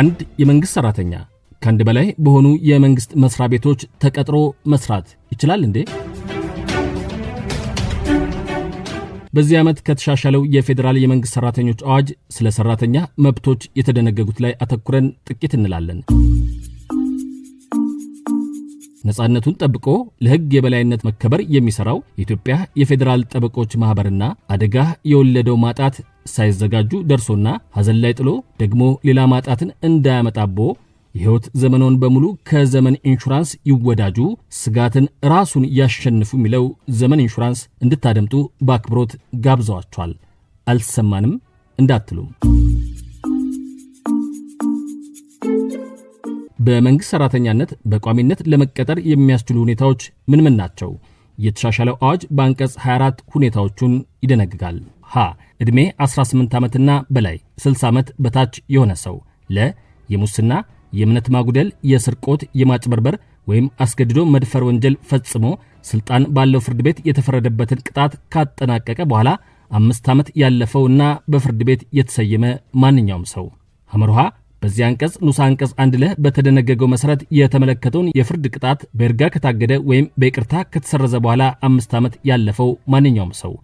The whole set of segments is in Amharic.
አንድ የመንግስት ሰራተኛ ከአንድ በላይ በሆኑ የመንግስት መስሪያ ቤቶች ተቀጥሮ መስራት ይችላል እንዴ? በዚህ ዓመት ከተሻሻለው የፌዴራል የመንግሥት ሠራተኞች አዋጅ ስለ ሠራተኛ መብቶች የተደነገጉት ላይ አተኩረን ጥቂት እንላለን። ነጻነቱን ጠብቆ ለሕግ የበላይነት መከበር የሚሰራው የኢትዮጵያ የፌዴራል ጠበቆች ማኅበርና አደጋ የወለደው ማጣት ሳይዘጋጁ ደርሶና ሐዘን ላይ ጥሎ ደግሞ ሌላ ማጣትን እንዳያመጣቦ የሕይወት ዘመኖን በሙሉ ከዘመን ኢንሹራንስ ይወዳጁ፣ ስጋትን ራሱን ያሸንፉ የሚለው ዘመን ኢንሹራንስ እንድታደምጡ በአክብሮት ጋብዘዋቸዋል አልሰማንም እንዳትሉም በመንግስት ሰራተኛነት በቋሚነት ለመቀጠር የሚያስችሉ ሁኔታዎች ምን ምን ናቸው? የተሻሻለው አዋጅ በአንቀጽ 24 ሁኔታዎቹን ይደነግጋል። ሀ ዕድሜ 18 ዓመትና በላይ 60 ዓመት በታች የሆነ ሰው ለ የሙስና የእምነት ማጉደል፣ የስርቆት፣ የማጭበርበር ወይም አስገድዶ መድፈር ወንጀል ፈጽሞ ስልጣን ባለው ፍርድ ቤት የተፈረደበትን ቅጣት ካጠናቀቀ በኋላ አምስት ዓመት ያለፈው እና በፍርድ ቤት የተሰየመ ማንኛውም ሰው ሐመርሃ በዚህ አንቀጽ ንዑስ አንቀጽ አንድ ለህ በተደነገገው መሰረት የተመለከተውን የፍርድ ቅጣት በይርጋ ከታገደ ወይም በይቅርታ ከተሰረዘ በኋላ አምስት ዓመት ያለፈው ማንኛውም ሰው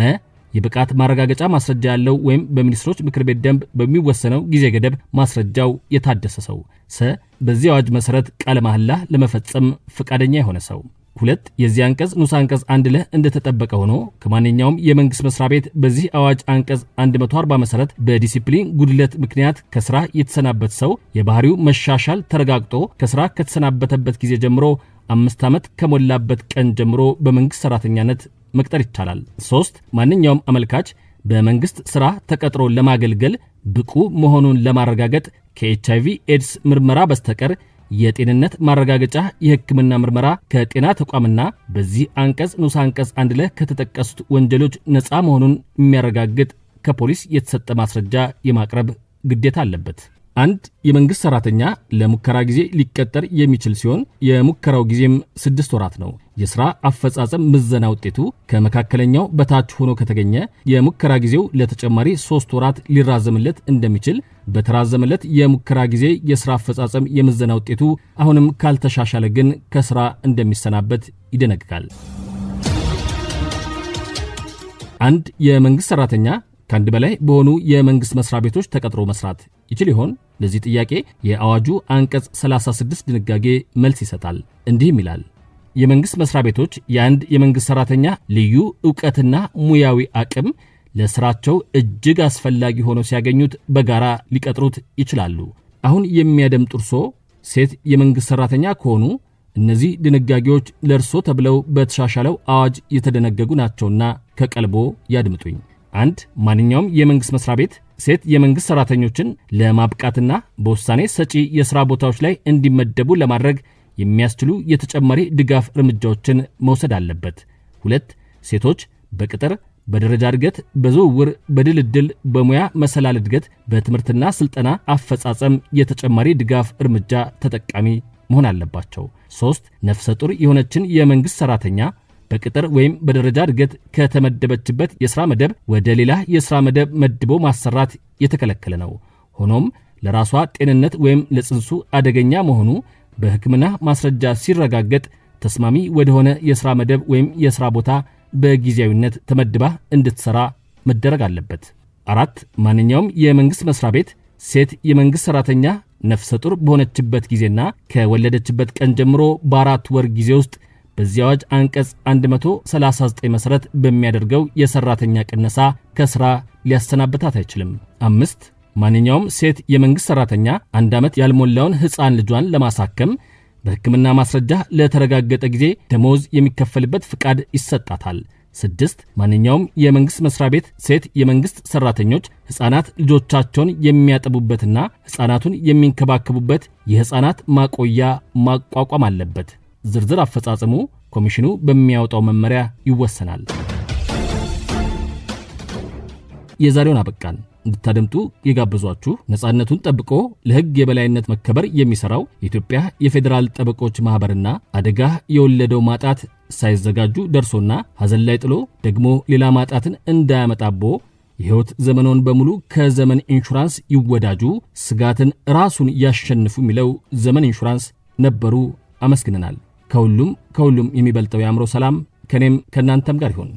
መ የብቃት ማረጋገጫ ማስረጃ ያለው ወይም በሚኒስትሮች ምክር ቤት ደንብ በሚወሰነው ጊዜ ገደብ ማስረጃው የታደሰ ሰው ሰ በዚህ አዋጅ መሰረት ቃለ መሐላ ለመፈጸም ፈቃደኛ የሆነ ሰው ሁለት የዚህ አንቀጽ ንዑስ አንቀጽ አንድ ለህ እንደተጠበቀ ሆኖ ከማንኛውም የመንግስት መስሪያ ቤት በዚህ አዋጅ አንቀጽ 140 መሰረት በዲሲፕሊን ጉድለት ምክንያት ከስራ የተሰናበት ሰው የባህሪው መሻሻል ተረጋግጦ ከስራ ከተሰናበተበት ጊዜ ጀምሮ አምስት ዓመት ከሞላበት ቀን ጀምሮ በመንግስት ሰራተኛነት መቅጠር ይቻላል። ሶስት ማንኛውም አመልካች በመንግስት ስራ ተቀጥሮ ለማገልገል ብቁ መሆኑን ለማረጋገጥ ከኤች አይ ቪ ኤድስ ምርመራ በስተቀር የጤንነት ማረጋገጫ የሕክምና ምርመራ ከጤና ተቋምና በዚህ አንቀጽ ንዑስ አንቀጽ አንድ ላይ ከተጠቀሱት ወንጀሎች ነፃ መሆኑን የሚያረጋግጥ ከፖሊስ የተሰጠ ማስረጃ የማቅረብ ግዴታ አለበት። አንድ የመንግሥት ሠራተኛ ለሙከራ ጊዜ ሊቀጠር የሚችል ሲሆን የሙከራው ጊዜም ስድስት ወራት ነው። የሥራ አፈጻጸም ምዘና ውጤቱ ከመካከለኛው በታች ሆኖ ከተገኘ የሙከራ ጊዜው ለተጨማሪ ሦስት ወራት ሊራዘምለት እንደሚችል፣ በተራዘመለት የሙከራ ጊዜ የሥራ አፈጻጸም የምዘና ውጤቱ አሁንም ካልተሻሻለ ግን ከሥራ እንደሚሰናበት ይደነግጋል። አንድ የመንግሥት ሠራተኛ ከአንድ በላይ በሆኑ የመንግሥት መሥሪያ ቤቶች ተቀጥሮ መሥራት ይችል ይሆን? ለዚህ ጥያቄ የአዋጁ አንቀጽ 36 ድንጋጌ መልስ ይሰጣል። እንዲህም ይላል የመንግሥት መሥሪያ ቤቶች የአንድ የመንግሥት ሠራተኛ ልዩ ዕውቀትና ሙያዊ አቅም ለሥራቸው እጅግ አስፈላጊ ሆኖ ሲያገኙት በጋራ ሊቀጥሩት ይችላሉ። አሁን የሚያደምጡ እርሶ ሴት የመንግሥት ሠራተኛ ከሆኑ እነዚህ ድንጋጌዎች ለእርሶ ተብለው በተሻሻለው አዋጅ የተደነገጉ ናቸውና ከቀልቦ ያድምጡኝ። አንድ ማንኛውም የመንግሥት መሥሪያ ቤት ሴት የመንግሥት ሠራተኞችን ለማብቃትና በውሳኔ ሰጪ የሥራ ቦታዎች ላይ እንዲመደቡ ለማድረግ የሚያስችሉ የተጨማሪ ድጋፍ እርምጃዎችን መውሰድ አለበት። ሁለት ሴቶች በቅጥር፣ በደረጃ እድገት፣ በዝውውር፣ በድልድል፣ በሙያ መሰላል እድገት፣ በትምህርትና ስልጠና አፈጻጸም የተጨማሪ ድጋፍ እርምጃ ተጠቃሚ መሆን አለባቸው። ሶስት ነፍሰ ጡር የሆነችን የመንግሥት ሠራተኛ በቅጥር ወይም በደረጃ እድገት ከተመደበችበት የስራ መደብ ወደ ሌላ የስራ መደብ መድቦ ማሰራት የተከለከለ ነው። ሆኖም ለራሷ ጤንነት ወይም ለጽንሱ አደገኛ መሆኑ በሕክምና ማስረጃ ሲረጋገጥ ተስማሚ ወደሆነ የሥራ መደብ ወይም የሥራ ቦታ በጊዜያዊነት ተመድባ እንድትሠራ መደረግ አለበት። አራት ማንኛውም የመንግሥት መሥሪያ ቤት ሴት የመንግሥት ሠራተኛ ነፍሰ ጡር በሆነችበት ጊዜና ከወለደችበት ቀን ጀምሮ በአራት ወር ጊዜ ውስጥ በዚህ አዋጅ አንቀጽ 139 መሠረት በሚያደርገው የሰራተኛ ቅነሳ ከስራ ሊያሰናበታት አይችልም። አምስት ማንኛውም ሴት የመንግሥት ሠራተኛ አንድ ዓመት ያልሞላውን ሕፃን ልጇን ለማሳከም በሕክምና ማስረጃ ለተረጋገጠ ጊዜ ደሞዝ የሚከፈልበት ፍቃድ ይሰጣታል። ስድስት ማንኛውም የመንግሥት መሥሪያ ቤት ሴት የመንግሥት ሠራተኞች ሕፃናት ልጆቻቸውን የሚያጠቡበትና ሕፃናቱን የሚንከባከቡበት የሕፃናት ማቆያ ማቋቋም አለበት። ዝርዝር አፈጻጸሙ ኮሚሽኑ በሚያወጣው መመሪያ ይወሰናል። የዛሬውን አበቃን። እንድታደምጡ የጋበዟችሁ ነፃነቱን ጠብቆ ለሕግ የበላይነት መከበር የሚሰራው የኢትዮጵያ የፌዴራል ጠበቆች ማኅበርና አደጋ የወለደው ማጣት ሳይዘጋጁ ደርሶና ሐዘን ላይ ጥሎ ደግሞ ሌላ ማጣትን እንዳያመጣቦ የሕይወት ዘመኖን በሙሉ ከዘመን ኢንሹራንስ ይወዳጁ፣ ስጋትን ራሱን ያሸንፉ የሚለው ዘመን ኢንሹራንስ ነበሩ። አመስግነናል። ከሁሉም ከሁሉም የሚበልጠው የአእምሮ ሰላም ከእኔም ከእናንተም ጋር ይሁን።